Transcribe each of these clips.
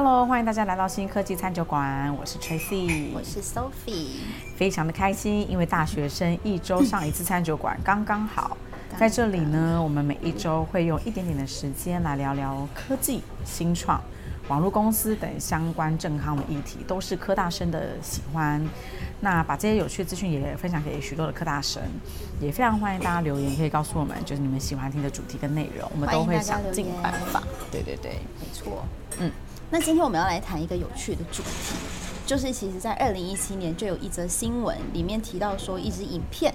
Hello，歡迎大家來到新科技餐酒館，我是 Tracy，我是 Sophie，非常的開心，因為大學生一週上一次餐酒館剛剛好剛剛，在這裡呢，我們每一週會用一點點的時間來聊聊科技、新創、網絡公司等相關健康的議題，都是科大生的喜歡，那把這些有趣的資訊也分享給許多的科大生，也非常歡迎大家留言，可以告訴我們就是你們喜歡聽的主題跟內容，我們都會想盡辦法。對對對，沒錯，嗯。那今天我們要來談一個有趣的主題，就是其實，在二零一七年就有一則新聞裡面提到說，一支影片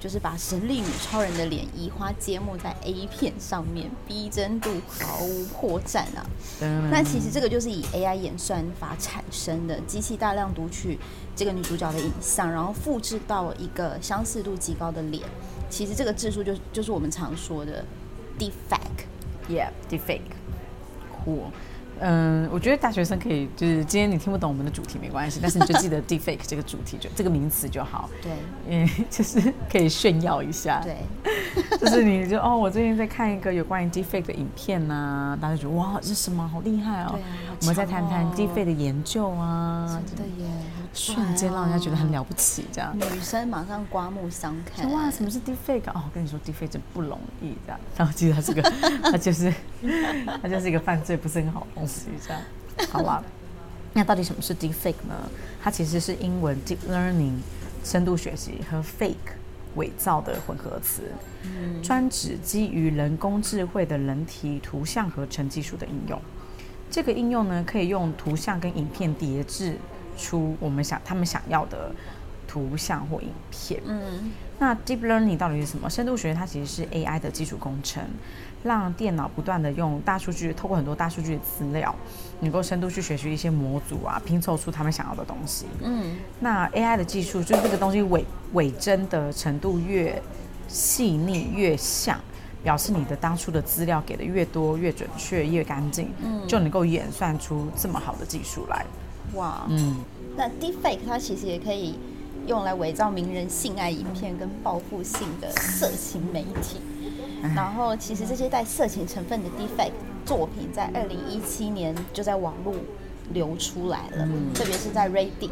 就是把《神力女超人》的臉移花接木在 A 片上面，逼真度毫無破綻啊、嗯！那其實這個就是以 AI 演算法產生的機器大量讀取這個女主角的影像，然後複製到一個相似度極高的臉。其實這個技術就就是我們常說的 Deepfake，yeah，Deepfake，cool。Yeah, 嗯，我覺得大學生可以，就是今天你聽不懂我們的主題沒關係，但是你就記得 deepfake 這個主題就，就 這個名詞就好。對，因為就是可以炫耀一下。對， 就是你就哦，我最近在看一個有關於 deepfake 的影片吶、啊，大家就覺得哇，這是什麼，好厲害哦，好哦！我們再談談 deepfake 的研究啊，真的耶，哦、瞬間讓人家覺得很了不起，這樣，女生馬上刮目相看、啊說。哇，什麼是 deepfake？、啊、哦，跟你說，deepfake 真不容易，這樣。然後記得他這個，他 就是他就是一個犯罪，不是很好。試一下， 好吧。那到底什麼是 Deepfake 呢？它其實是英文 Deep Learning（ 深度學習）和 Fake（ 偽造）的混合詞，嗯、專指基於人工智慧的人體圖像合成技術的應用。這個應用呢，可以用圖像跟影片疊制出我們想他們想要的。圖像或影片，嗯，那 deep learning 到底是什麼？深度學習它其實是 AI 的基礎工程，讓電腦不斷的用大數據，透過很多大數據的資料，能夠深度去學習一些模組啊，拼湊出他們想要的東西。嗯，那 AI 的技術就是這個東西，偽偽真的程度越細膩越像，表示你的當初的資料給的越多越準確越乾淨，嗯，就能夠演算出這麼好的技術來。哇，嗯，那 deep fake 它其實也可以。用來偽造名人性愛影片跟報復性的色情媒體，然後其實這些帶色情成分的 Deepfake 作品，在二零一七年就在網絡流出來了，特別是在 Reddit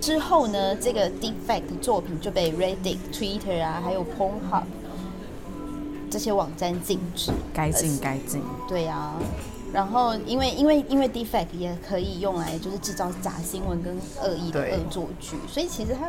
之後呢，這個 Deepfake 作品就被 Reddit、Twitter 啊，還有 Pornhub 這些網站禁止，該禁該禁，對啊。然後因，因為因為因為 Deepfake 也可以用來就是製造假新聞跟惡意的惡作劇，所以其實它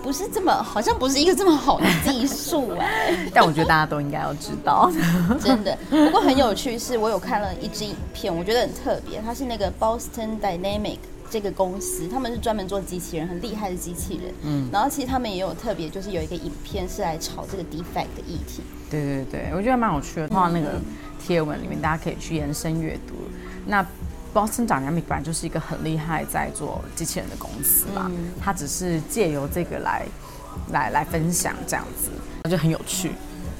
不是這麼好像不是一個這麼好的技術哎、啊。但我覺得大家都應該要知道， 真的。不過很有趣是，我有看了一支影片，我覺得很特別，它是那個 Boston Dynamic。這個公司他們是專門做機器人，很厲害的機器人。嗯，然後其實他們也有特別，就是有一個影片是來炒這個 Deepfake 的議題。對對對，我覺得蠻有趣的。放到那個貼文裡面，嗯，大家可以去延伸閱讀。那 Boston Dynamic 本來就是一個很厲害在做機器人的公司嘛，他，嗯，只是借由這個來，來來分享這樣子，我就很有趣，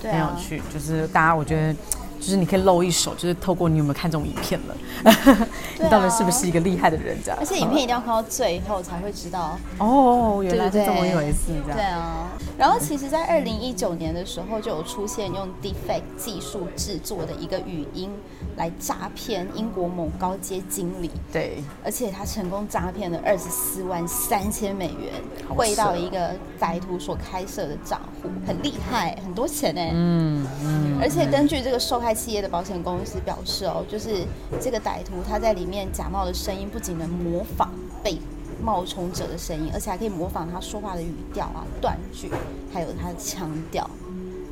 嗯，很有趣，嗯，就是大家我覺得。就是你可以露一手，就是透過你有沒有看這種影片了，啊、 你到底是不是一個厲害的人這樣。而且影片一定要看到最後才會知道哦、oh, oh, oh。原來是這麼一回事，這樣，對啊。然後其實，在二零一九年的時候，就有出現用 Deepfake 技術製作的一個語音來詐騙英國某高階經理。對，而且他成功詐騙了二十四萬三千美元匯到一個歹徒所開設的賬戶，很厲害、欸，很多錢呢、欸。嗯，而且根據這個受害在企業的保險公司表示：“哦，就是這個歹徒他在裡面假冒的聲音，不僅能模仿被冒充者的聲音，而且還可以模仿他說話的語調啊、斷句，還有他的腔調，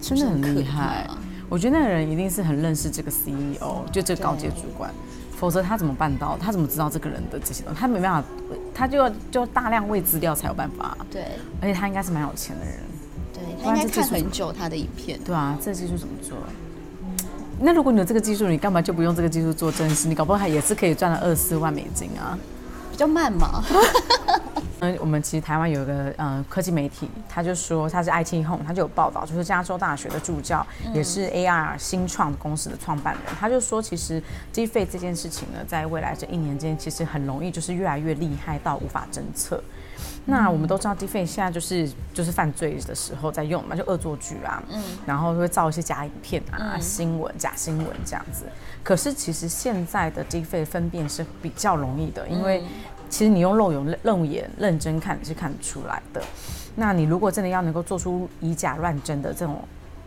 真的很厲害，就是很可怕。我覺得那個人一定是很認識這個 CEO，嗯，就這個高階主管，否則他怎麼辦到？他怎麼知道這個人的這些東西？他沒辦法，他就就大量餵資料才有辦法。對，而且他應該是蠻有錢的人，對他應該看很久他的影片的。對啊，這技術怎麼做？”那如果你有這個技術，你幹嘛就不用這個技術做真實？你搞不好還也是可以賺了二十四萬美金啊，比較慢嘛。 嗯，我們其實台灣有一個嗯、呃、科技媒體，他就說他是 IT Home，他就有報道，就是加州大學的助教，嗯、也是 AR 新創公司的創辦人，他就說其實 Deepfake 這件事情呢，在未來這一年間，其實很容易就是越來越厲害到無法偵測。嗯、那我們都知道 Deepfake 現在就是就是犯罪的時候在用嘛，就惡作劇啊，嗯，然後會造一些假影片啊、嗯、新聞、假新聞這樣子。可是其實現在的 Deepfake 分辨是比較容易的，嗯、因為。其實你用肉眼、肉眼認真看是看得出來的。那你如果真的要能夠做出以假亂真的這種，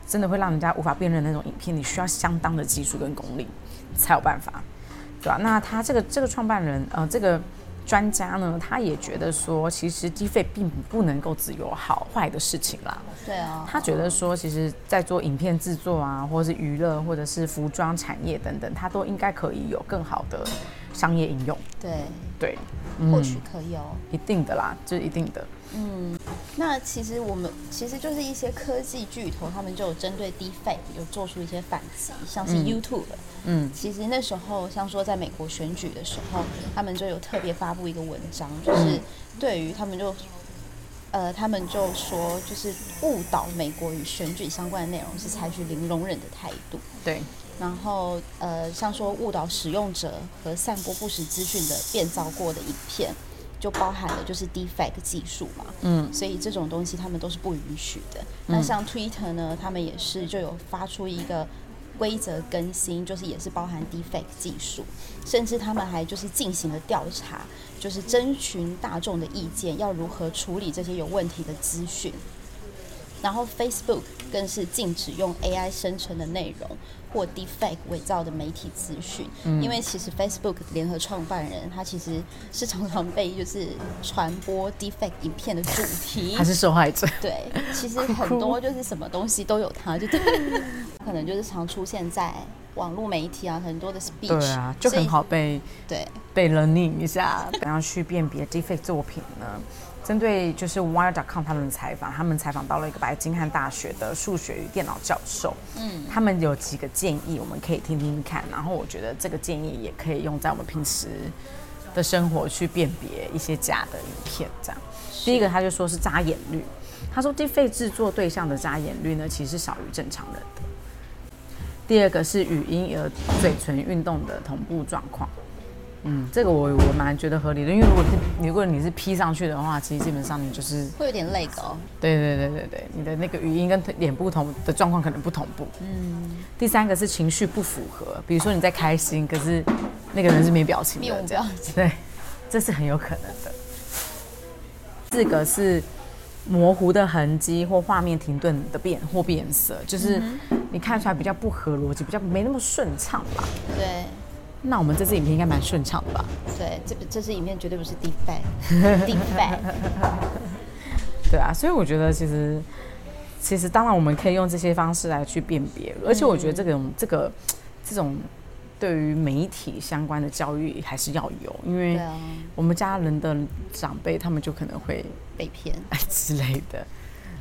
真的會讓人家無法辨認的那種影片，你需要相當的技術跟功力才有辦法，對吧，啊？那他這個這個創辦人，呃，這個。專家呢，他也覺得說，其實 Deepfake 並不能夠只有好壞的事情啦。對啊。他覺得說，其實在做影片製作啊，或是娛樂，或者是服裝產業等等，他都應該可以有更好的商業應用。對、嗯、對，嗯、或許可以哦。一定的啦，這、就是一定的。嗯。那其實我們其實就是一些科技巨頭，他們就有針對 Deepfake 有做出一些反擊，像是 YouTube 嗯。嗯，其實那時候像說在美國選舉的時候，他們就有特別發布一個文章，就是對於他們就呃他們就說就是誤導美國與選舉相關的內容是採取零容忍的態度。對。然後呃像說誤導使用者和散播不實資訊的變造過的影片。就包含了就是 Deepfake 技術嘛，嗯，所以這種東西他們都是不允許的，嗯。那像 Twitter 呢，他們也是就有發出一個規則更新，就是也是包含 Deepfake 技術，甚至他們還就是進行了調查，就是徵詢大眾的意見，要如何處理這些有問題的資訊。然後，Facebook 更是禁止用 AI 生成的內容或 Deepfake 偽造的媒體資訊、嗯，因為其實 Facebook 聯合創辦人他其實是常常被就是傳播 Deepfake 影片的主題，他是受害者？對，其實很多就是什麼東西都有他就對哭哭 可能就是常出現在。網絡媒體啊，很多的 speech，對啊，就很好被對，被 learning 一下， 怎樣去辨別 Deepfake 作品呢？針對就是 Wired.com 他們的採訪，他們採訪到了一個白金漢大學的數學與電腦教授。嗯，他們有幾個建議，我們可以聽聽看。然後我覺得這個建議也可以用在我們平時的生活去辨別一些假的影片。這樣，第一個他就說是眨眼率。他說 Deepfake 制作對象的眨眼率呢，其實是少於正常人的。第二個是語音和嘴唇運動的同步狀況，嗯，這個我我蠻覺得合理的，因為如果你是如果你是 P 上去的話，其實基本上你就是會有點累的哦。對對對對對，你的那個語音跟臉不同的狀況可能不同步。嗯，第三個是情緒不符合，比如說你在開心，可是那個人是沒表情的，沒有這樣子。對，這是很有可能的。四個是，模糊的痕跡或畫面停頓的變或變色，就是你看出來比較不合邏輯，比較沒那麼順暢吧？對。那我們這支影片應該蠻順暢的吧？對，這個這支影片絕對不是 deepfake，deepfake。對啊，所以我覺得其實其實當然我們可以用這些方式來去辨別，而且我覺得這種、嗯、這個這種。對於媒體相關的教育還是要有，因為我們家人的長輩他們就可能會、啊、被騙之類的。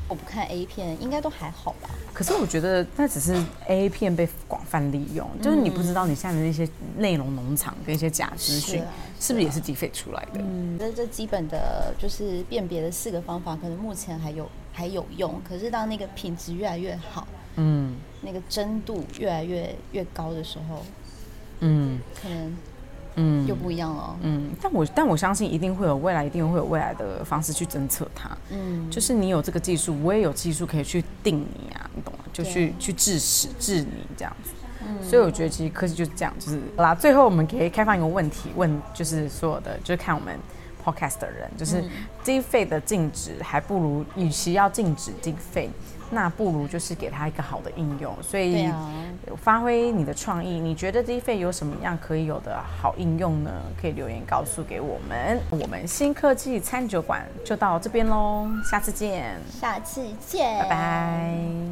我不看 A 片，應該都還好吧？可是我覺得那只是 A 片被廣泛利用，嗯、就是你不知道你下面那些內容農場跟一些假資訊是不是也是 Deepfake 出來的。啊啊、嗯，這這基本的就是辨別的四個方法，可能目前還有還有用。可是當那個品質越來越好，嗯，那個真度越來越越高的時候。嗯，可能，嗯，又不一樣了。嗯，但我但我相信一定會有未來，一定會有未來的方式去偵測它。嗯，就是你有這個技術，我也有技術可以去定你啊，你懂嗎？就去去致死治你這樣子。嗯，所以我覺得其實科技就是這樣，就是好啦。最後我們可以開放一個問題，問就是所有的，就是看我們。Podcast 的人，就是 Deepfake 的禁止，嗯、還不如與其要禁止 Deepfake，那不如就是給他一個好的應用。所以、啊、發揮你的創意，你覺得 Deepfake 有什麼樣可以有的好應用呢？可以留言告訴給我們。我們新科技餐酒館就到這邊嘍，下次見，下次見，拜拜。